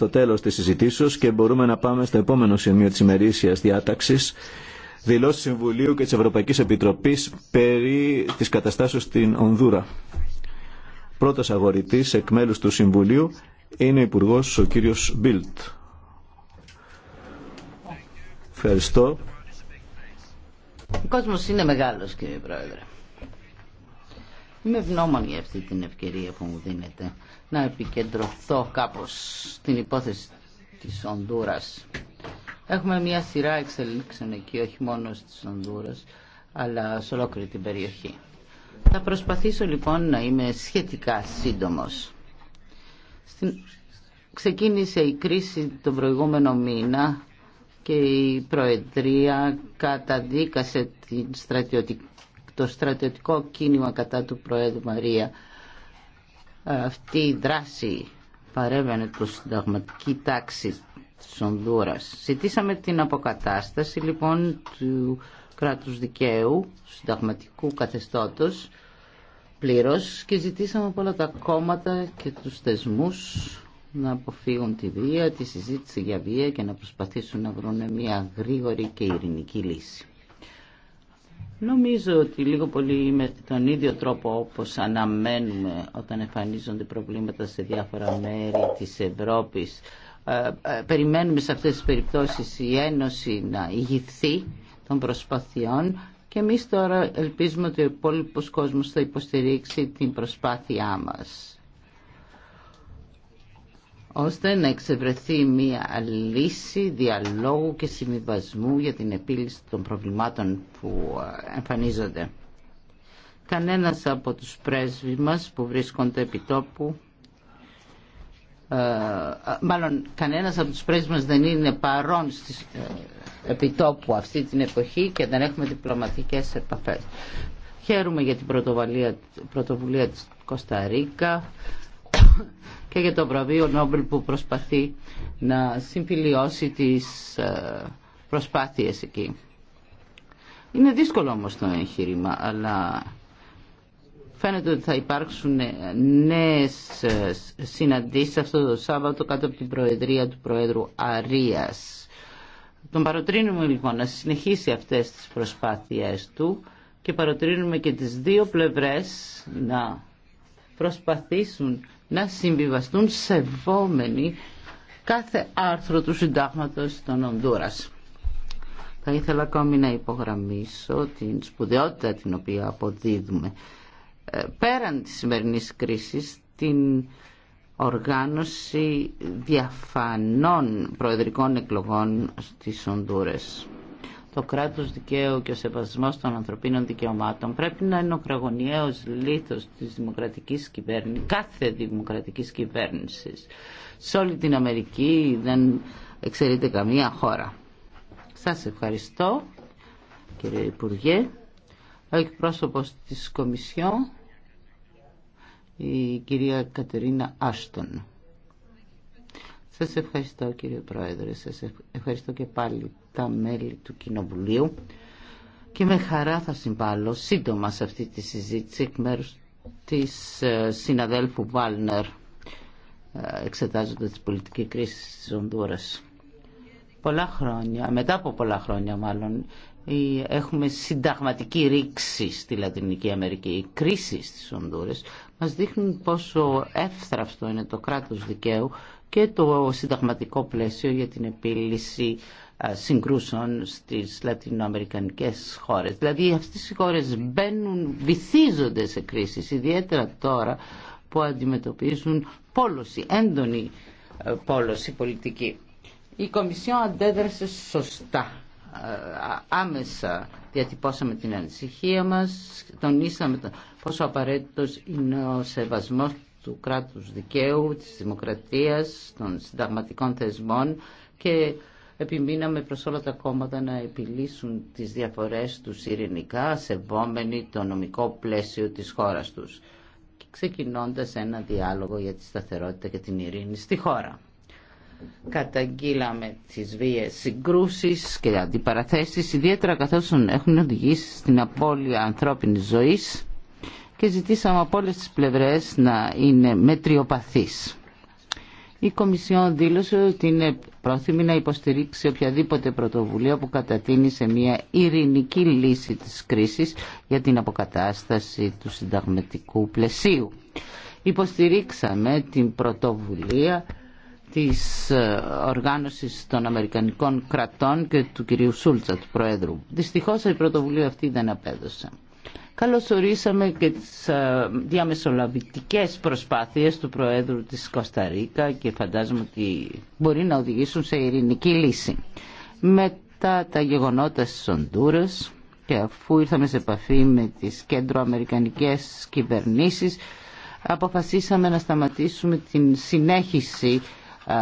στο τέλος της συζητήσεως και μπορούμε να πάμε στο επόμενο σημείο της ημερήσιας διάταξης δηλώσει Συμβουλίου και της Ευρωπαϊκής Επιτροπής περί της καταστάσεως στην Ονδούρα. Πρώτος αγορητής εκ μέλους του Συμβουλίου είναι ο υπουργό ο κύριος Μπίλτ. Ευχαριστώ. Ο κόσμος είναι μεγάλος κύριε Πρόεδρε. Είμαι ευγνώμων για αυτή την ευκαιρία που μου δίνετε να επικεντρωθώ κάπως στην υπόθεση της Ονδούρας. Έχουμε μια σειρά εξελίξεων εκεί, όχι μόνο στις Ονδούρας, αλλά σε ολόκληρη την περιοχή. Θα προσπαθήσω λοιπόν να είμαι σχετικά σύντομος. Στην... Ξεκίνησε η κρίση τον προηγούμενο μήνα και η Προεδρία καταδίκασε το στρατιωτικό κίνημα κατά του Προέδρου Μαρία ε, αυτή η δράση παρέμβαινε το συνταγματική τάξη της Ονδούρας. Ζητήσαμε την αποκατάσταση λοιπόν του κράτους δικαίου, συνταγματικού καθεστώτος πλήρως και ζητήσαμε από όλα τα κόμματα και τους θεσμούς να αποφύγουν τη βία, τη συζήτηση για βία και να προσπαθήσουν να βρουν μια γρήγορη και ειρηνική λύση. Νομίζω ότι λίγο πολύ με τον ίδιο τρόπο όπως αναμένουμε όταν εμφανίζονται προβλήματα σε διάφορα μέρη της Ευρώπης ε, ε, περιμένουμε σε αυτές τις περιπτώσεις η Ένωση να ηγηθεί των προσπαθειών και εμείς τώρα ελπίζουμε ότι ο υπόλοιπο κόσμος θα υποστηρίξει την προσπάθειά μας ώστε να εξευρεθεί μια λύση διαλόγου και συμβιβασμού για την επίλυση των προβλημάτων που ε, εμφανίζονται. Κανένας από τους πρέσβεις μας που βρίσκονται επί τόπου ε, ε, μάλλον κανένας από τους πρέσβεις μας δεν είναι παρόν στις, επιτόπου αυτή την εποχή και δεν έχουμε διπλωματικές επαφές. Χαίρομαι για την πρωτοβουλία της Κωνσταντίνα και για το βραβείο Νόμπελ που προσπαθεί να συμφιλιώσει τις ε, προσπάθειες εκεί. Είναι δύσκολο όμως το εγχείρημα, αλλά φαίνεται ότι θα υπάρξουν ε, νέες ε, συναντήσεις αυτό το Σάββατο κάτω από την Προεδρία του Προέδρου Αρίας. Τον παροτρύνουμε λοιπόν να συνεχίσει αυτές τις προσπάθειές του και παροτρύνουμε και τις δύο πλευρές να προσπαθήσουν να συμβιβαστούν σεβόμενοι κάθε άρθρο του συντάγματος των Ονδούρας. Θα ήθελα ακόμη να υπογραμμίσω την σπουδαιότητα την οποία αποδίδουμε ε, πέραν της σημερινής κρίσης την οργάνωση διαφανών προεδρικών εκλογών στις Ονδούρες το κράτος δικαίου και ο σεβασμός των ανθρωπίνων δικαιωμάτων πρέπει να είναι ο κραγωνιαίος λίθος της δημοκρατικής κυβέρνησης, κάθε δημοκρατικής κυβέρνησης. Σε όλη την Αμερική δεν εξαιρείται καμία χώρα. Σας ευχαριστώ κύριε Υπουργέ. Ο εκπρόσωπο της Κομισιόν, η κυρία Κατερίνα Άστον. Σας ευχαριστώ κύριε Πρόεδρε, σας ευχαριστώ και πάλι τα μέλη του Κοινοβουλίου και με χαρά θα συμβάλλω σύντομα σε αυτή τη συζήτηση εκ μέρους της ε, συναδέλφου Βάλνερ ε, εξετάζοντας την πολιτική κρίση της Ονδούρας. Πολλά χρόνια, μετά από πολλά χρόνια μάλλον, έχουμε συνταγματική ρήξη στη Λατινική Αμερική. Οι κρίση στις Ονδούρες μας δείχνουν πόσο εύθραυστο είναι το κράτος δικαίου και το συνταγματικό πλαίσιο για την επίλυση συγκρούσεων στις λατινοαμερικανικές χώρες. Δηλαδή αυτές οι χώρες μπαίνουν, βυθίζονται σε κρίσει, ιδιαίτερα τώρα που αντιμετωπίζουν πόλωση, έντονη πόλωση πολιτική. Η Κομισιόν αντέδρασε σωστά. Άμεσα διατυπώσαμε την ανησυχία μας, τονίσαμε πόσο απαραίτητος είναι ο σεβασμός του κράτους δικαίου, της δημοκρατίας, των συνταγματικών θεσμών και επιμείναμε προς όλα τα κόμματα να επιλύσουν τις διαφορές τους ειρηνικά, σεβόμενοι το νομικό πλαίσιο της χώρας τους, ξεκινώντας ένα διάλογο για τη σταθερότητα και την ειρήνη στη χώρα. Καταγγείλαμε τις βίες συγκρούσεις και αντιπαραθέσεις, ιδιαίτερα καθώς έχουν οδηγήσει στην απώλεια ανθρώπινης ζωής, και ζητήσαμε από όλες τις πλευρές να είναι μετριοπαθείς. Η Κομισιόν δήλωσε ότι είναι πρόθυμη να υποστηρίξει οποιαδήποτε πρωτοβουλία που κατατείνει σε μια ειρηνική λύση της κρίσης για την αποκατάσταση του συνταγματικού πλαισίου. Υποστηρίξαμε την πρωτοβουλία της ε, οργάνωσης των Αμερικανικών κρατών και του κυρίου Σούλτσα, του Προέδρου. Δυστυχώς η πρωτοβουλία αυτή δεν απέδωσε. Καλωσορίσαμε και τις ε, διαμεσολαβητικές προσπάθειες του Προέδρου της Κωνσταντίνα και φαντάζομαι ότι μπορεί να οδηγήσουν σε ειρηνική λύση. Μετά τα γεγονότα στις Οντούρες και αφού ήρθαμε σε επαφή με τις κέντροαμερικανικές κυβερνήσεις αποφασίσαμε να σταματήσουμε την συνέχιση ε,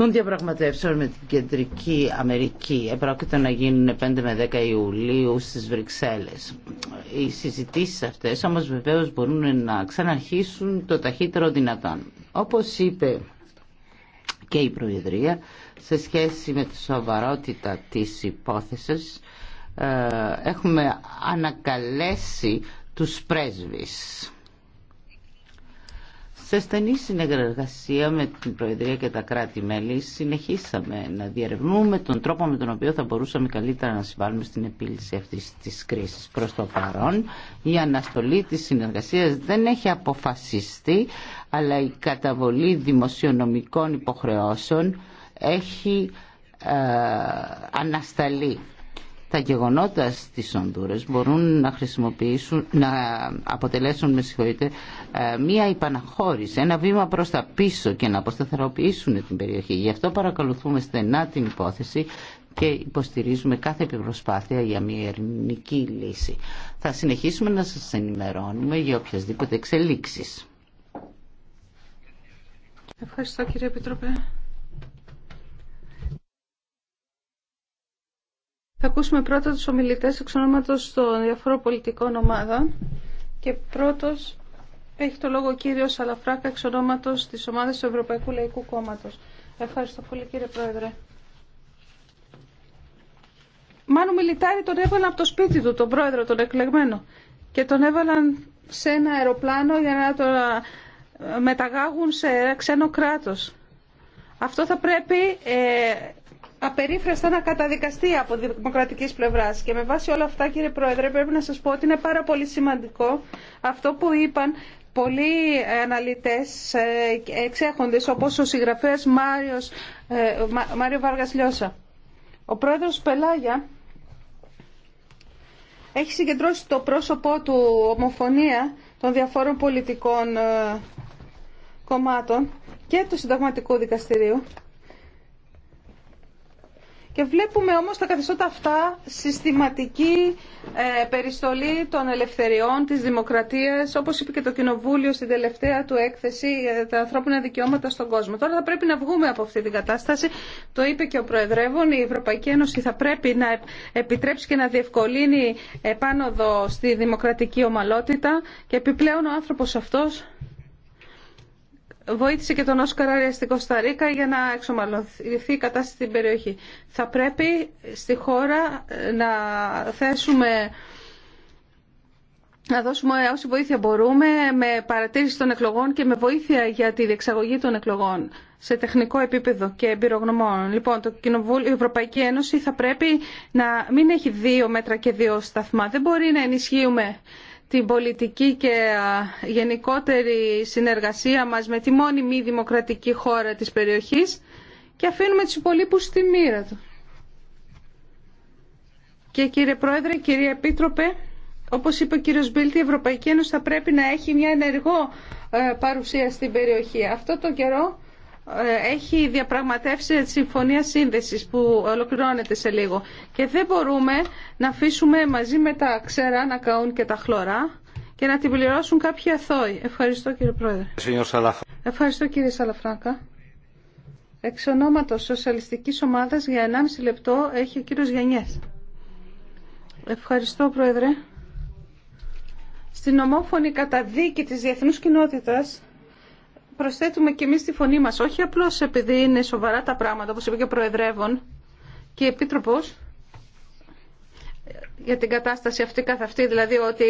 των διαπραγματεύσεων με την Κεντρική Αμερική. Επρόκειτο να γίνουν 5 με 10 Ιουλίου στις Βρυξέλλες. Οι συζητήσεις αυτές όμως βεβαίως μπορούν να ξαναρχίσουν το ταχύτερο δυνατόν. Όπως είπε και η Προεδρία σε σχέση με τη σοβαρότητα της υπόθεσης ε, έχουμε ανακαλέσει τους πρέσβεις σε στενή συνεργασία με την Προεδρία και τα κράτη-μέλη συνεχίσαμε να διερευνούμε τον τρόπο με τον οποίο θα μπορούσαμε καλύτερα να συμβάλλουμε στην επίλυση αυτής της κρίσης. Προς το παρόν η αναστολή της συνεργασίας δεν έχει αποφασιστεί αλλά η καταβολή δημοσιονομικών υποχρεώσεων έχει ε, ανασταλεί. Τα γεγονότα στις οντούρες μπορούν να χρησιμοποιήσουν, να αποτελέσουν με συγχωρείτε, ε, μία υπαναχώρηση, ένα βήμα προς τα πίσω και να αποσταθεροποιήσουν την περιοχή. Γι' αυτό παρακολουθούμε στενά την υπόθεση και υποστηρίζουμε κάθε επιπροσπάθεια για μια ειρηνική λύση. Θα συνεχίσουμε να σας ενημερώνουμε για οποιασδήποτε εξελίξεις. Ευχαριστώ κύριε Επιτροπέ. Θα ακούσουμε πρώτα τους ομιλητές εξ ονόματος των διαφόρων πολιτικών ομάδων και πρώτος έχει το λόγο ο κύριος Αλαφράκα εξ ονόματος της ομάδας του Ευρωπαϊκού Λαϊκού Κόμματος. Ευχαριστώ πολύ κύριε Πρόεδρε. Μάνου Μιλιτάρη τον έβαλαν από το σπίτι του, τον πρόεδρο, τον εκλεγμένο. Και τον έβαλαν σε ένα αεροπλάνο για να τον ε, μεταγάγουν σε ξένο κράτος. Αυτό θα πρέπει ε, απερίφραστα να καταδικαστεί από δημοκρατική πλευρά. Και με βάση όλα αυτά κύριε Πρόεδρε πρέπει να σας πω ότι είναι πάρα πολύ σημαντικό αυτό που είπαν πολλοί αναλυτές ε, εξέχοντε, όπω ο συγγραφέα Μάριος, ε, Μάριο Βάργας Λιώσα. Ο πρόεδρος Πελάγια έχει συγκεντρώσει το πρόσωπό του ομοφωνία των διαφόρων πολιτικών ε, κομμάτων και του συνταγματικού δικαστηρίου και βλέπουμε όμως τα καθεστώτα αυτά συστηματική ε, περιστολή των ελευθεριών, της δημοκρατίας, όπως είπε και το Κοινοβούλιο στην τελευταία του έκθεση για τα ανθρώπινα δικαιώματα στον κόσμο. Τώρα θα πρέπει να βγούμε από αυτή την κατάσταση. Το είπε και ο Προεδρεύων, η Ευρωπαϊκή Ένωση θα πρέπει να επιτρέψει και να διευκολύνει επάνωδο στη δημοκρατική ομαλότητα και επιπλέον ο άνθρωπος αυτός βοήθησε και τον Όσκαρ Άρια στην Κωνσταντίνα για να εξομαλωθεί η κατάσταση στην περιοχή. Θα πρέπει στη χώρα ε, να θέσουμε να δώσουμε όση βοήθεια μπορούμε με παρατήρηση των εκλογών και με βοήθεια για τη διεξαγωγή των εκλογών σε τεχνικό επίπεδο και εμπειρογνωμών. Λοιπόν, το Κοινοβούλιο, η Ευρωπαϊκή Ένωση θα πρέπει να μην έχει δύο μέτρα και δύο σταθμά. Δεν μπορεί να ενισχύουμε την πολιτική και γενικότερη συνεργασία μας με τη μόνη μη δημοκρατική χώρα της περιοχής και αφήνουμε τους υπολείπους στη μοίρα του. Και κύριε Πρόεδρε, κύριε Επίτροπε, όπως είπε ο κύριος Μπίλτη, η Ευρωπαϊκή Ένωση θα πρέπει να έχει μια ενεργό ε, παρουσία στην περιοχή. Αυτό το καιρό ε, έχει διαπραγματεύσει τη συμφωνία σύνδεσης που ολοκληρώνεται σε λίγο και δεν μπορούμε να αφήσουμε μαζί με τα ξερά να καούν και τα χλωρά και να την πληρώσουν κάποιοι αθώοι. Ευχαριστώ κύριε Πρόεδρε. Ευχαριστώ κύριε Σαλαφράκα. Εξ ονόματος Σοσιαλιστικής Ομάδας για 1,5 λεπτό έχει ο κύριος Γενιές. Ευχαριστώ Πρόεδρε. Στην ομόφωνη καταδίκη της διεθνούς κοινότητας προσθέτουμε και εμείς τη φωνή μας, όχι απλώς επειδή είναι σοβαρά τα πράγματα, όπως είπε και ο Προεδρεύων και η Επίτροπος, για την κατάσταση αυτή καθ' αυτή, δηλαδή ότι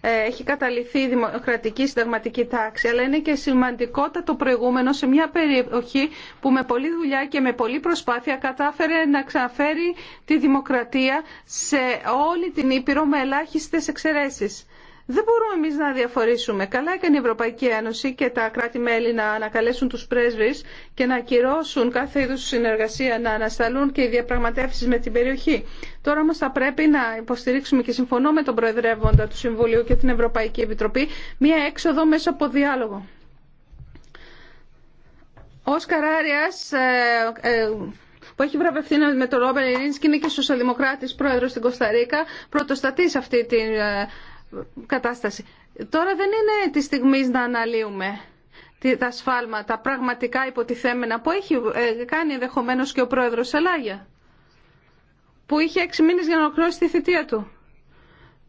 ε, έχει καταληθεί η δημοκρατική συνταγματική τάξη, αλλά είναι και σημαντικότατο προηγούμενο σε μια περιοχή που με πολλή δουλειά και με πολλή προσπάθεια κατάφερε να ξαναφέρει τη δημοκρατία σε όλη την Ήπειρο με ελάχιστες εξαιρέσεις. Δεν μπορούμε εμεί να διαφορήσουμε. Καλά έκανε η Ευρωπαϊκή Ένωση και τα κράτη-μέλη να ανακαλέσουν του πρέσβει και να ακυρώσουν κάθε είδου συνεργασία, να ανασταλούν και οι διαπραγματεύσει με την περιοχή. Τώρα όμω θα πρέπει να υποστηρίξουμε και συμφωνώ με τον Προεδρεύοντα του Συμβουλίου και την Ευρωπαϊκή Επιτροπή μία έξοδο μέσα από διάλογο. Ο Σκαράριας, ε, ε, που έχει βραβευτεί με τον Ρόμπερ και είναι και σοσιαλδημοκράτη πρόεδρο στην Κωνσταντίνα, σε αυτή την ε, κατάσταση. Τώρα δεν είναι τη στιγμή να αναλύουμε τα σφάλματα πραγματικά υποτιθέμενα που έχει ε, κάνει ενδεχομένω και ο πρόεδρος Σελάγια. που είχε έξι μήνες για να ολοκληρώσει τη θητεία του.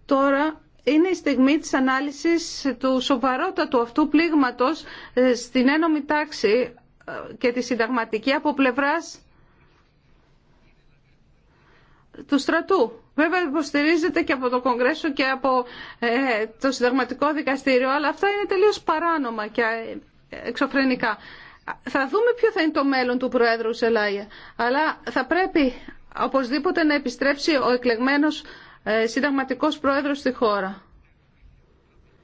Τώρα είναι η στιγμή της ανάλυσης του σοβαρότατου αυτού πλήγματος ε, στην ένωμη τάξη ε, και τη συνταγματική από πλευράς του στρατού Βέβαια υποστηρίζεται και από το Κογκρέσο και από ε, το Συνταγματικό Δικαστήριο, αλλά αυτά είναι τελείως παράνομα και ε, εξωφρενικά. Θα δούμε ποιο θα είναι το μέλλον του Προέδρου Σελάγια, αλλά θα πρέπει οπωσδήποτε να επιστρέψει ο εκλεγμένος ε, συνταγματικός πρόεδρος στη χώρα.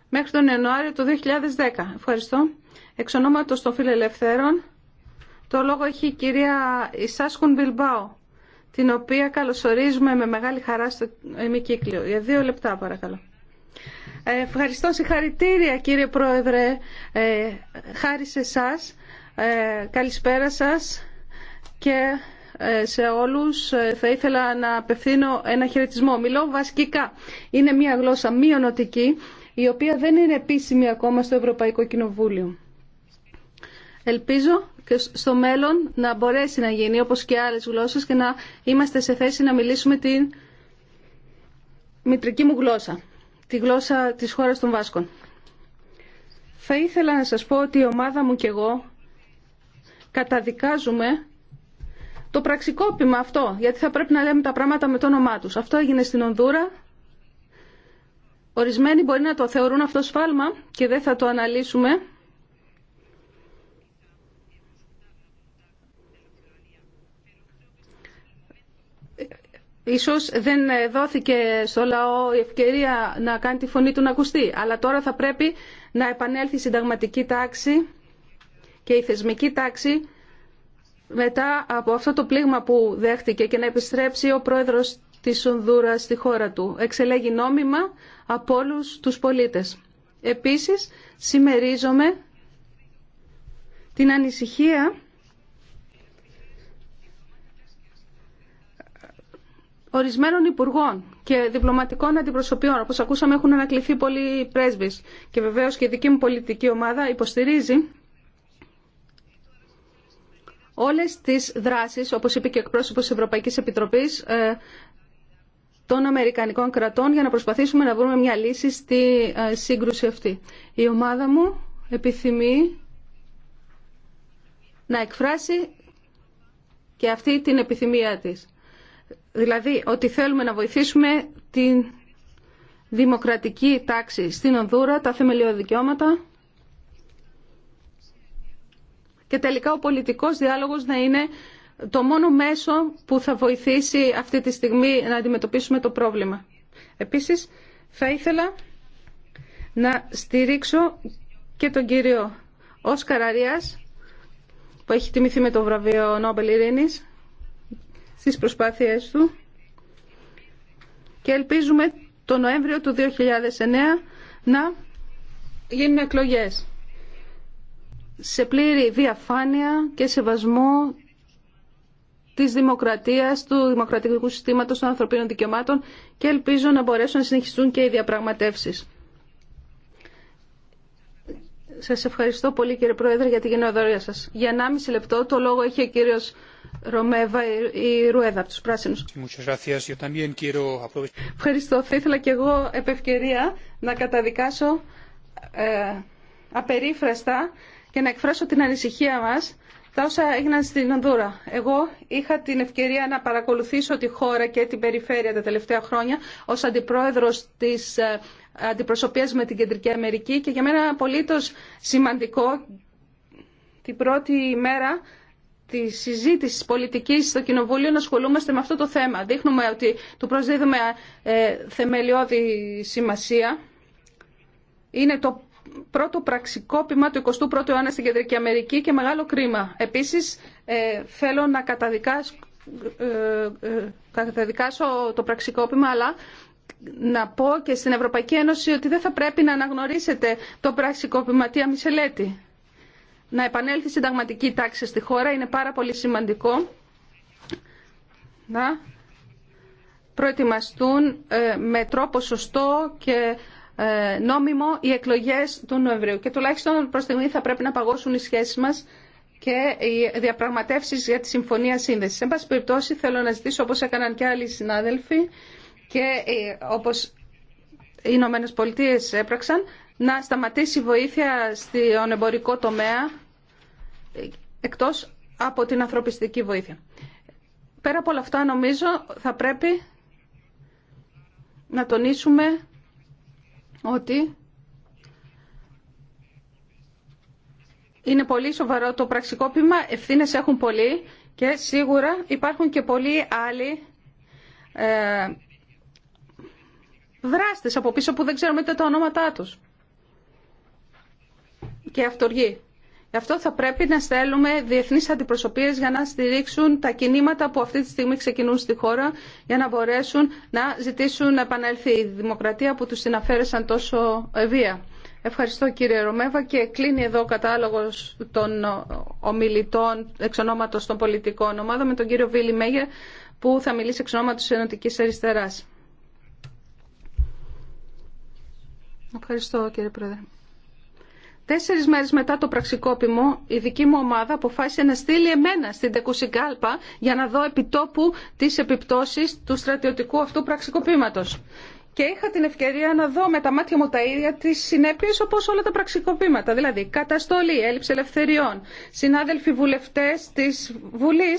Μέχρι τον Ιανουάριο του 2010. Ευχαριστώ. Εξ ονόματος των φιλελευθέρων, το λόγο έχει η κυρία Ισάσκουν Μπιλμπάου την οποία καλωσορίζουμε με μεγάλη χαρά στο ημικύκλιο. Για δύο λεπτά παρακαλώ. Ε, ευχαριστώ, συγχαρητήρια κύριε Πρόεδρε, ε, χάρη σε εσάς. Ε, καλησπέρα σας και ε, σε όλους ε, θα ήθελα να απευθύνω ένα χαιρετισμό. Μιλώ βασικά. Είναι μια γλώσσα μειονοτική η οποία δεν είναι επίσημη ακόμα στο Ευρωπαϊκό Κοινοβούλιο. Ελπίζω και στο μέλλον να μπορέσει να γίνει όπως και άλλες γλώσσες και να είμαστε σε θέση να μιλήσουμε την μητρική μου γλώσσα, τη γλώσσα της χώρας των Βάσκων. Θα ήθελα να σας πω ότι η ομάδα μου και εγώ καταδικάζουμε το πραξικόπημα αυτό, γιατί θα πρέπει να λέμε τα πράγματα με το όνομά τους. Αυτό έγινε στην Ονδούρα. Ορισμένοι μπορεί να το θεωρούν αυτό σφάλμα και δεν θα το αναλύσουμε Ίσως δεν δόθηκε στο λαό η ευκαιρία να κάνει τη φωνή του να ακουστεί, αλλά τώρα θα πρέπει να επανέλθει η συνταγματική τάξη και η θεσμική τάξη μετά από αυτό το πλήγμα που δέχτηκε και να επιστρέψει ο πρόεδρος της Ονδούρας στη χώρα του. Εξελέγει νόμιμα από όλου τους πολίτες. Επίσης, συμμερίζομαι την ανησυχία ορισμένων υπουργών και διπλωματικών αντιπροσωπιών, όπως ακούσαμε έχουν ανακληθεί πολλοί πρέσβεις και βεβαίως και η δική μου πολιτική ομάδα υποστηρίζει όλες τις δράσεις, όπως είπε και ο εκπρόσωπος της Ευρωπαϊκής Επιτροπής, ε, των Αμερικανικών κρατών για να προσπαθήσουμε να βρούμε μια λύση στη ε, σύγκρουση αυτή. Η ομάδα μου επιθυμεί να εκφράσει και αυτή την επιθυμία της. Δηλαδή ότι θέλουμε να βοηθήσουμε την δημοκρατική τάξη στην Ονδούρα, τα θεμελιώδη δικαιώματα και τελικά ο πολιτικός διάλογος να είναι το μόνο μέσο που θα βοηθήσει αυτή τη στιγμή να αντιμετωπίσουμε το πρόβλημα. Επίσης, θα ήθελα να στηρίξω και τον κύριο Όσκαρ Αρίας, που έχει τιμηθεί με το βραβείο Νόμπελ Ειρήνης, στις προσπάθειές του και ελπίζουμε το Νοέμβριο του 2009 να γίνουν εκλογές σε πλήρη διαφάνεια και σεβασμό της δημοκρατίας, του δημοκρατικού συστήματος των ανθρωπίνων δικαιωμάτων και ελπίζω να μπορέσουν να συνεχιστούν και οι διαπραγματεύσεις. Σας ευχαριστώ πολύ κύριε Πρόεδρε για την γενναιοδορία σας. Για 1,5 λεπτό το λόγο έχει ο κύριος Ρωμέβα η Ρουέδα από τους Πράσινους. Ευχαριστώ. Θα ήθελα και εγώ επ' ευκαιρία να καταδικάσω ε, απερίφραστα και να εκφράσω την ανησυχία μας τα όσα έγιναν στην Ονδούρα. Εγώ είχα την ευκαιρία να παρακολουθήσω τη χώρα και την περιφέρεια τα τελευταία χρόνια ως αντιπρόεδρος της ε, αντιπροσωπείας με την Κεντρική Αμερική και για μένα απολύτως σημαντικό την πρώτη μέρα τη συζήτηση πολιτική στο Κοινοβούλιο να ασχολούμαστε με αυτό το θέμα. Δείχνουμε ότι του προσδίδουμε ε, θεμελιώδη σημασία. Είναι το πρώτο πραξικόπημα του 21ου αιώνα στην Κεντρική Αμερική και μεγάλο κρίμα. Επίσης, ε, θέλω να καταδικάσω, ε, καταδικάσω το πραξικόπημα, αλλά να πω και στην Ευρωπαϊκή Ένωση ότι δεν θα πρέπει να αναγνωρίσετε το πραξικόπημα Τία αμυσελέτη να επανέλθει η συνταγματική τάξη στη χώρα. Είναι πάρα πολύ σημαντικό να προετοιμαστούν ε, με τρόπο σωστό και ε, νόμιμο οι εκλογές του Νοεμβρίου. Και τουλάχιστον προς στιγμή θα πρέπει να παγώσουν οι σχέσεις μας και οι διαπραγματεύσεις για τη Συμφωνία Σύνδεσης. Σε πάση περιπτώσει θέλω να ζητήσω όπως έκαναν και άλλοι συνάδελφοι και ε, όπως οι Ηνωμένε Πολιτείε έπραξαν να σταματήσει η βοήθεια στον εμπορικό τομέα εκτός από την ανθρωπιστική βοήθεια. Πέρα από όλα αυτά νομίζω θα πρέπει να τονίσουμε ότι είναι πολύ σοβαρό το πραξικόπημα, ευθύνες έχουν πολλοί και σίγουρα υπάρχουν και πολλοί άλλοι ε, δράστες από πίσω που δεν ξέρουμε τα ονόματά τους και αυτοργοί. Γι' αυτό θα πρέπει να στέλνουμε διεθνείς αντιπροσωπείες για να στηρίξουν τα κινήματα που αυτή τη στιγμή ξεκινούν στη χώρα για να μπορέσουν να ζητήσουν να επανέλθει η δημοκρατία που τους συναφέρεσαν τόσο ευεία. Ευχαριστώ κύριε Ρωμέβα και κλείνει εδώ ο κατάλογος των ομιλητών εξ ονόματος των πολιτικών ομάδων με τον κύριο Βίλι Μέγερ που θα μιλήσει εξ ονόματος της Ενωτικής Αριστεράς. Ευχαριστώ κύριε Πρόεδρε. Τέσσερις μέρες μετά το πραξικόπημο, η δική μου ομάδα αποφάσισε να στείλει εμένα στην Τεκουσιγκάλπα για να δω επιτόπου τις επιπτώσεις του στρατιωτικού αυτού πραξικοπήματος. Και είχα την ευκαιρία να δω με τα μάτια μου τα ίδια τι συνέπειε όπω όλα τα πραξικοπήματα. Δηλαδή, καταστολή, έλλειψη ελευθεριών. Συνάδελφοι βουλευτέ τη Βουλή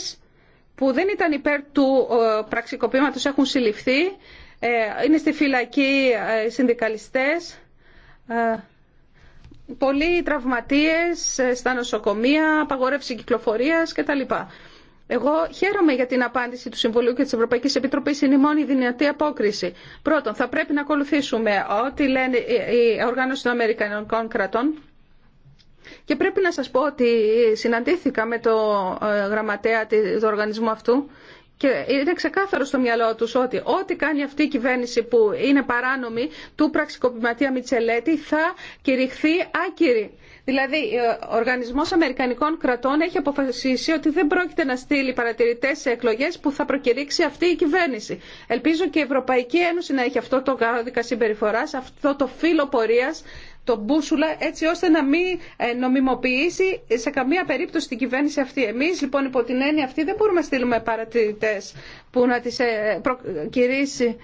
που δεν ήταν υπέρ του ε, πραξικοπήματο έχουν συλληφθεί. Ε, είναι στη φυλακή ε, συνδικαλιστέ πολλοί τραυματίες ε, στα νοσοκομεία, απαγορεύση κυκλοφορίας κτλ. Εγώ χαίρομαι για την απάντηση του Συμβουλίου και τη Ευρωπαϊκή Επιτροπή. Είναι η μόνη δυνατή απόκριση. Πρώτον, θα πρέπει να ακολουθήσουμε ό,τι λένε οι οργάνωση των Αμερικανικών κρατών. Και πρέπει να σας πω ότι συναντήθηκα με το ε, γραμματέα του οργανισμού αυτού και είναι ξεκάθαρο στο μυαλό τους ότι ό,τι κάνει αυτή η κυβέρνηση που είναι παράνομη του πραξικοπηματία Μιτσελέτη θα κηρυχθεί άκυρη. Δηλαδή, ο Οργανισμό Αμερικανικών Κρατών έχει αποφασίσει ότι δεν πρόκειται να στείλει παρατηρητέ σε εκλογέ που θα προκηρύξει αυτή η κυβέρνηση. Ελπίζω και η Ευρωπαϊκή Ένωση να έχει αυτό το κώδικα συμπεριφορά, αυτό το φύλλο πορεία τον μπούσουλα έτσι ώστε να μην ε, νομιμοποιήσει σε καμία περίπτωση την κυβέρνηση αυτή. Εμεί, λοιπόν υπό την έννοια αυτή δεν μπορούμε να στείλουμε παρατηρητέ που να τις ε, προκυρήσει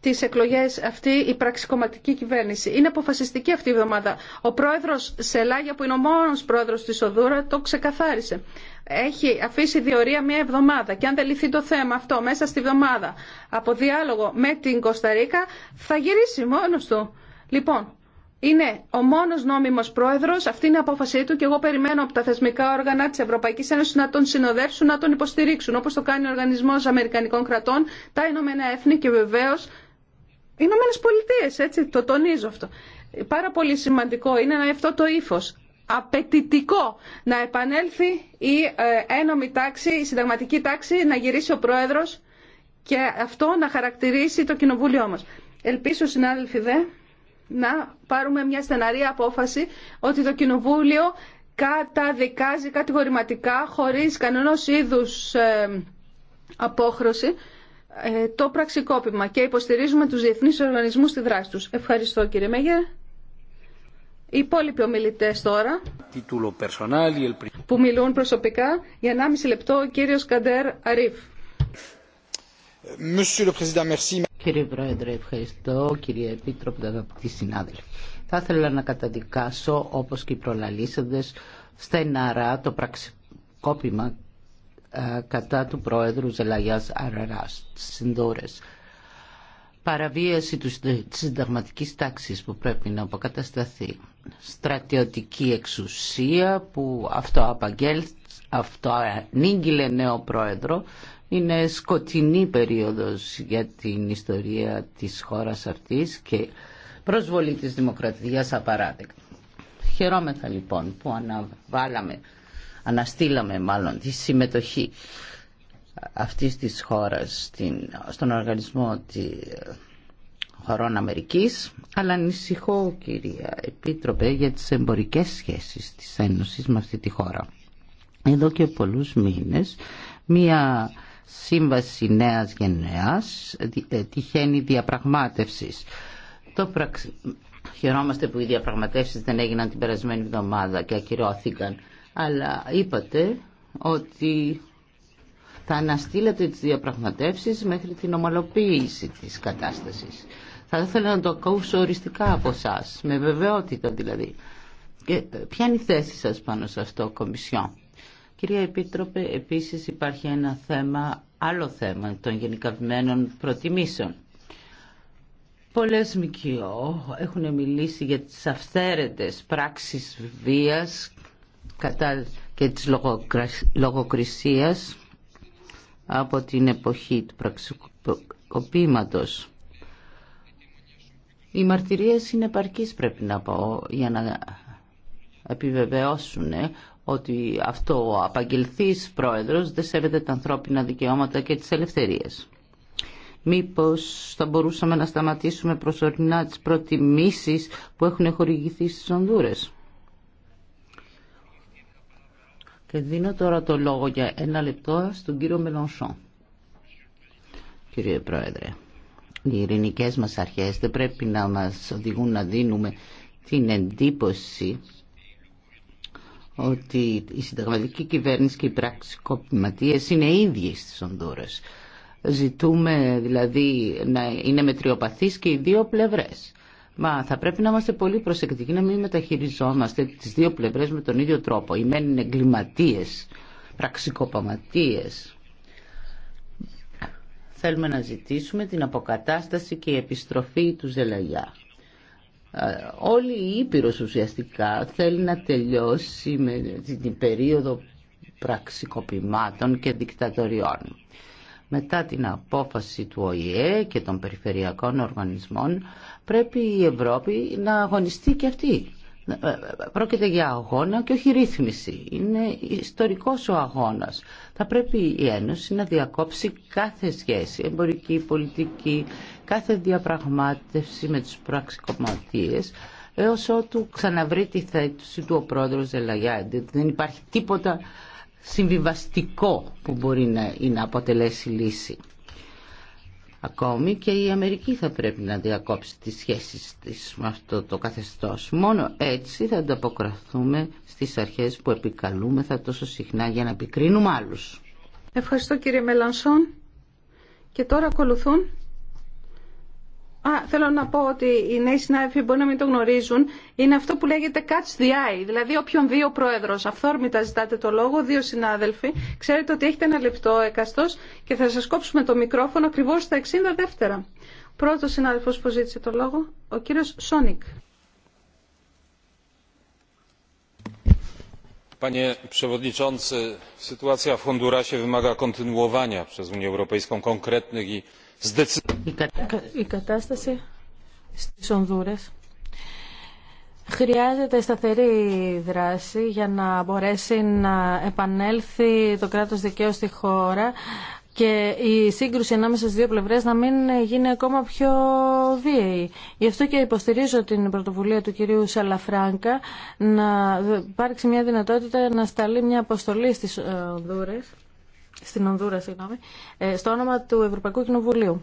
τις εκλογές αυτή η πραξικοματική κυβέρνηση. Είναι αποφασιστική αυτή η εβδομάδα. Ο πρόεδρος Σελάγια που είναι ο μόνο πρόεδρο τη Οδούρα το ξεκαθάρισε. Έχει αφήσει διορία μία εβδομάδα και αν δεν λυθεί το θέμα αυτό μέσα στη εβδομάδα από διάλογο με την Κωνσταντίνα θα γυρίσει μόνο του. Λοιπόν, είναι ο μόνος νόμιμος πρόεδρος, αυτή είναι η απόφασή του και εγώ περιμένω από τα θεσμικά όργανα της Ευρωπαϊκής Ένωσης να τον συνοδεύσουν, να τον υποστηρίξουν, όπως το κάνει ο Οργανισμός Αμερικανικών Κρατών, τα Ηνωμένα Έθνη και βεβαίως οι Ηνωμένε Πολιτείε, έτσι, το τονίζω αυτό. Πάρα πολύ σημαντικό είναι αυτό το ύφο. Απαιτητικό να επανέλθει η ε, ένομη τάξη, η συνταγματική τάξη, να γυρίσει ο πρόεδρος και αυτό να χαρακτηρίσει το κοινοβούλιο μας. Ελπίζω, συνάδελφοι, δε, να πάρουμε μια στεναρή απόφαση ότι το Κοινοβούλιο καταδικάζει κατηγορηματικά χωρίς κανένας είδους ε, απόχρωση ε, το πραξικόπημα και υποστηρίζουμε τους διεθνείς οργανισμούς στη δράση τους. Ευχαριστώ κύριε Μέγερ. Οι υπόλοιποι ομιλητέ τώρα που μιλούν προσωπικά για 1,5 λεπτό ο κύριος Καντέρ Αρίφ. Ε, Κύριε Πρόεδρε, ευχαριστώ. Κύριε Επίτροπε, αγαπητοί συνάδελφοι. Θα ήθελα να καταδικάσω, όπως και οι προλαλήσαντες, στεναρά το πραξικόπημα ε, κατά του Πρόεδρου Ζελαγιάς Αραράς, Συνδόρες. Παραβίαση του συνταγματικής τάξης που πρέπει να αποκατασταθεί. Στρατιωτική εξουσία που αυτό αυτοανήγγειλε αυτό ανήγγειλε νέο πρόεδρο είναι σκοτεινή περίοδος για την ιστορία της χώρας αυτής και προσβολή της δημοκρατίας απαράδεκτη. Χαιρόμεθα λοιπόν που αναβάλαμε, αναστήλαμε μάλλον τη συμμετοχή αυτής της χώρας στην, στον οργανισμό τη, χωρών Αμερικής, αλλά ανησυχώ κυρία Επίτροπε για τις εμπορικές σχέσεις της Ένωσης με αυτή τη χώρα. Εδώ και πολλούς μήνες μία σύμβαση νέας γενναίας ε, τυχαίνει διαπραγμάτευσης. Το Χαιρόμαστε που οι διαπραγματεύσεις δεν έγιναν την περασμένη εβδομάδα και ακυρώθηκαν. Αλλά είπατε ότι θα αναστήλατε τις διαπραγματεύσεις μέχρι την ομαλοποίηση της κατάστασης. Θα ήθελα να το ακούσω οριστικά από εσά, με βεβαιότητα δηλαδή. Και ε, ποια είναι η θέση σας πάνω σε αυτό, Κομισιόν. Κυρία Επίτροπε, επίσης υπάρχει ένα θέμα, άλλο θέμα των γενικαβημένων προτιμήσεων. Πολλές ΜΚΟ έχουν μιλήσει για τις αυθαίρετες πράξεις βίας κατά και της λογοκρισίας από την εποχή του πραξικοπήματος. Οι μαρτυρίες είναι επαρκείς πρέπει να πω για να επιβεβαιώσουν ότι αυτό ο απαγγελθής πρόεδρος δεν σέβεται τα ανθρώπινα δικαιώματα και τις ελευθερίες. Μήπως θα μπορούσαμε να σταματήσουμε προσωρινά τις προτιμήσεις που έχουν χορηγηθεί στις Ονδούρες. Και δίνω τώρα το λόγο για ένα λεπτό στον κύριο Μελονσόν. Κύριε Πρόεδρε, οι ειρηνικές μας αρχές δεν πρέπει να μας οδηγούν να δίνουμε την εντύπωση ότι η συνταγματική κυβέρνηση και οι πραξικοπηματίες είναι ίδιοι στις Ονδούρες. Ζητούμε δηλαδή να είναι μετριοπαθείς και οι δύο πλευρές. Μα θα πρέπει να είμαστε πολύ προσεκτικοί να μην μεταχειριζόμαστε τις δύο πλευρές με τον ίδιο τρόπο. Οι μεν είναι εγκληματίες, πραξικοπαματίες. Θέλουμε να ζητήσουμε την αποκατάσταση και η επιστροφή του Ζελαγιά. Ε, όλη η Ήπειρος ουσιαστικά θέλει να τελειώσει με την περίοδο πραξικοπημάτων και δικτατοριών. Μετά την απόφαση του ΟΗΕ και των περιφερειακών οργανισμών πρέπει η Ευρώπη να αγωνιστεί και αυτή. Ε, ε, πρόκειται για αγώνα και όχι ρύθμιση. Είναι ιστορικός ο αγώνας. Θα πρέπει η Ένωση να διακόψει κάθε σχέση, εμπορική, πολιτική, κάθε διαπραγμάτευση με τους πραξικοματίες έως ότου ξαναβρει τη θέση του ο πρόεδρος Δελαγιάντη. Δεν υπάρχει τίποτα συμβιβαστικό που μπορεί να, να αποτελέσει λύση. Ακόμη και η Αμερική θα πρέπει να διακόψει τις σχέσεις της με αυτό το καθεστώς. Μόνο έτσι θα ανταποκραθούμε στις αρχές που επικαλούμε θα τόσο συχνά για να επικρίνουμε άλλους. Ευχαριστώ κύριε Μελανσόν. Και τώρα ακολουθούν Α, θέλω να πω ότι οι νέοι συνάδελφοι μπορεί να μην το γνωρίζουν. Είναι αυτό που λέγεται catch the eye. Δηλαδή, όποιον δύο πρόεδρο αυθόρμητα ζητάτε το λόγο, δύο συνάδελφοι, ξέρετε ότι έχετε ένα λεπτό έκαστο και θα σα κόψουμε το μικρόφωνο ακριβώ στα 60 δεύτερα. Πρώτο συνάδελφο που ζήτησε το λόγο, ο κύριο Σόνικ. Panie przewodniczący, sytuacja w Hondurasie wymaga kontynuowania przez Unię Europejską konkretnych i η κατάσταση στις Ονδούρες Χρειάζεται σταθερή δράση για να μπορέσει να επανέλθει το κράτος δικαίου στη χώρα και η σύγκρουση ανάμεσα στις δύο πλευρές να μην γίνει ακόμα πιο βίαιη. Γι' αυτό και υποστηρίζω την πρωτοβουλία του κυρίου Σαλαφράγκα να υπάρξει μια δυνατότητα να σταλεί μια αποστολή στις Ονδούρες στην Ονδούρα, συγγνώμη, ε, στο όνομα του Ευρωπαϊκού Κοινοβουλίου.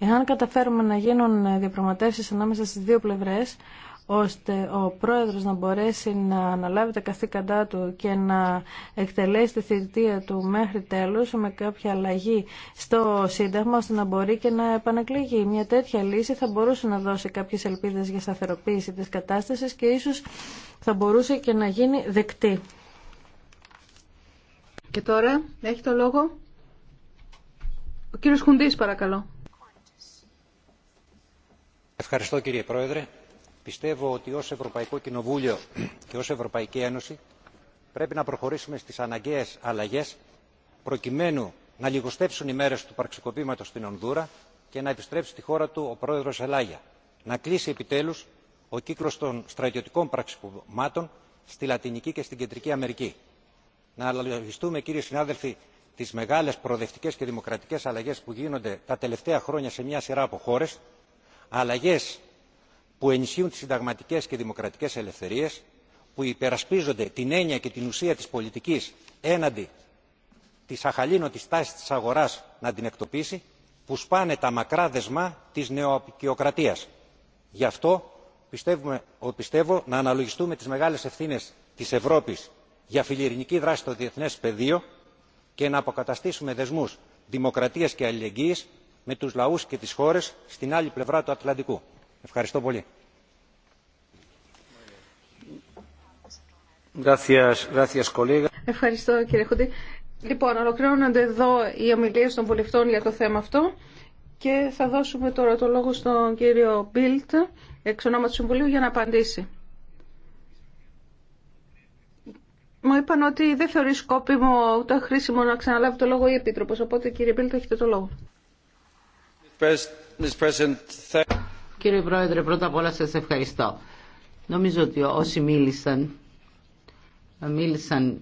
Εάν καταφέρουμε να γίνουν διαπραγματεύσεις ανάμεσα στις δύο πλευρές, ώστε ο πρόεδρος να μπορέσει να αναλάβει τα καθήκοντά του και να εκτελέσει τη θητεία του μέχρι τέλους με κάποια αλλαγή στο Σύνταγμα ώστε να μπορεί και να επανακλήγει. Μια τέτοια λύση θα μπορούσε να δώσει κάποιες ελπίδες για σταθεροποίηση της κατάστασης και ίσως θα μπορούσε και να γίνει δεκτή. Και τώρα έχει το λόγο ο κύριος Χουντής παρακαλώ. Ευχαριστώ κύριε Πρόεδρε πιστεύω ότι ως ευρωπαϊκό κοινοβούλιο και ως ευρωπαϊκή ένωση πρέπει να προχωρήσουμε στις αναγκαίες αλλαγές προκειμένου να λιγοστέψουν οι μέρες του πραξικοπήματος στην ονδούρα και να επιστρέψει στη χώρα του ο πρόεδρος ελάγια να κλείσει επιτέλους ο κύκλος των στρατιωτικών πραξικοπημάτων στη λατινική και στην κεντρική αμερική. να αναλογιστούμε κύριοι συνάδελφοι τις μεγάλες προοδευτικές και δημοκρατικές αλλαγές που γίνονται τα τελευταία χρόνια σε μια σειρά από χώρες αλλαγές που ενισχύουν τις συνταγματικές και δημοκρατικές ελευθερίες που υπερασπίζονται την έννοια και την ουσία της πολιτικής έναντι της αχαλήνωτης τάσης της αγοράς να την εκτοπίσει που σπάνε τα μακρά δεσμά της νεοαπικιοκρατίας. γι' αυτό πιστεύω να αναλογιστούμε τις μεγάλες ευθύνες της ευρώπης για φιλειρηνική δράση στο διεθνές πεδίο και να αποκαταστήσουμε δεσμούς δημοκρατίας και αλληλεγγύης με τους λαούς και τις χώρες στην άλλη πλευρά του ατλαντικού. Ευχαριστώ πολύ. Ευχαριστώ κύριε Χουντή. Λοιπόν, ολοκληρώνονται εδώ οι ομιλίες των βουλευτών για το θέμα αυτό και θα δώσουμε τώρα το λόγο στον κύριο Μπίλτ, εξ ονόματος του Συμβουλίου, για να απαντήσει. Μου είπαν ότι δεν θεωρεί σκόπιμο ούτε χρήσιμο να ξαναλάβει το λόγο η Επίτροπος, οπότε κύριε Μπίλτ έχετε το λόγο. Κύριε Πρόεδρε, πρώτα απ' όλα σας ευχαριστώ. Νομίζω ότι όσοι μίλησαν, μίλησαν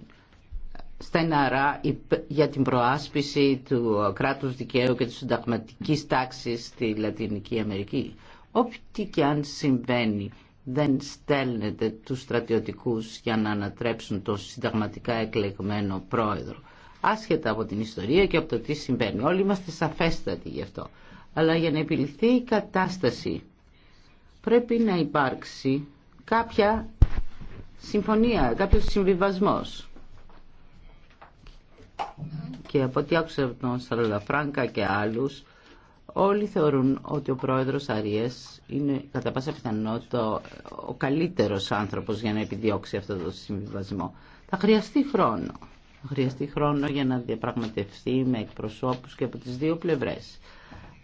στεναρά για την προάσπιση του κράτους δικαίου και της συνταγματικής τάξης στη Λατινική Αμερική. Ό,τι και αν συμβαίνει δεν στέλνετε τους στρατιωτικούς για να ανατρέψουν τον συνταγματικά εκλεγμένο πρόεδρο. Άσχετα από την ιστορία και από το τι συμβαίνει. Όλοι είμαστε σαφέστατοι γι' αυτό. Αλλά για να επιληθεί η κατάσταση πρέπει να υπάρξει κάποια συμφωνία, κάποιος συμβιβασμός. Και από ό,τι άκουσα από τον Σαραλαφράγκα και άλλους, όλοι θεωρούν ότι ο πρόεδρος Αρίες είναι κατά πάσα πιθανότητα ο καλύτερος άνθρωπος για να επιδιώξει αυτό το συμβιβασμό. Θα χρειαστεί χρόνο. Θα χρειαστεί χρόνο για να διαπραγματευτεί με εκπροσώπους και από τις δύο πλευρές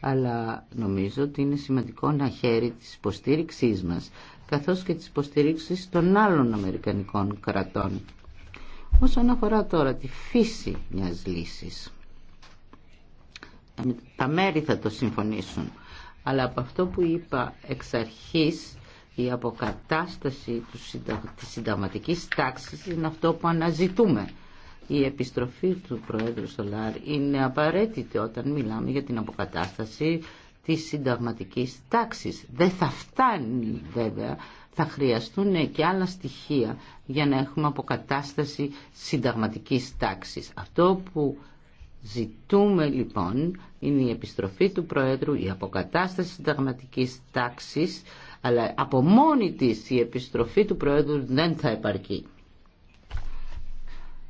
αλλά νομίζω ότι είναι σημαντικό να χαίρει τη υποστήριξή μα καθώς και της υποστήριξη των άλλων Αμερικανικών κρατών. Όσον αφορά τώρα τη φύση μιας λύσης, τα μέρη θα το συμφωνήσουν, αλλά από αυτό που είπα εξ αρχής, η αποκατάσταση της συνταγματικής τάξης είναι αυτό που αναζητούμε η επιστροφή του Προέδρου Σολάρ είναι απαραίτητη όταν μιλάμε για την αποκατάσταση της συνταγματικής τάξης. Δεν θα φτάνει βέβαια, θα χρειαστούν και άλλα στοιχεία για να έχουμε αποκατάσταση συνταγματικής τάξης. Αυτό που ζητούμε λοιπόν είναι η επιστροφή του Προέδρου, η αποκατάσταση συνταγματικής τάξης, αλλά από μόνη της η επιστροφή του Προέδρου δεν θα επαρκεί.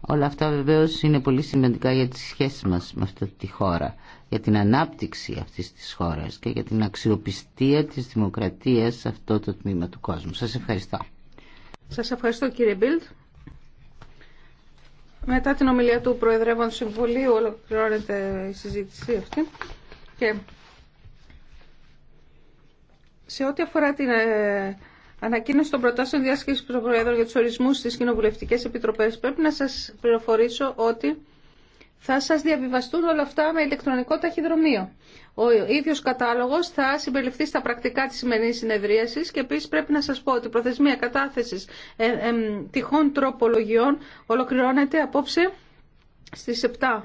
Όλα αυτά βεβαίως είναι πολύ σημαντικά για τις σχέσεις μας με αυτή τη χώρα, για την ανάπτυξη αυτής της χώρας και για την αξιοπιστία της δημοκρατίας σε αυτό το τμήμα του κόσμου. Σας ευχαριστώ. Σας ευχαριστώ κύριε Μπίλτ. Μετά την ομιλία του Προεδρεύων Συμβουλίου ολοκληρώνεται η συζήτηση αυτή και σε ό,τι αφορά την ε, Ανακοίνωση των προτάσεων διάσκεψη του Προέδρου για του ορισμού στι κοινοβουλευτικέ επιτροπέ. Πρέπει να σα πληροφορήσω ότι θα σας διαβιβαστούν όλα αυτά με ηλεκτρονικό ταχυδρομείο. Ο ίδιος κατάλογος θα συμπεριληφθεί στα πρακτικά της σημερινή συνεδρίασης και επίσης πρέπει να σας πω ότι η προθεσμία κατάθεση ε, ε, τυχών τροπολογιών ολοκληρώνεται απόψε στι 7.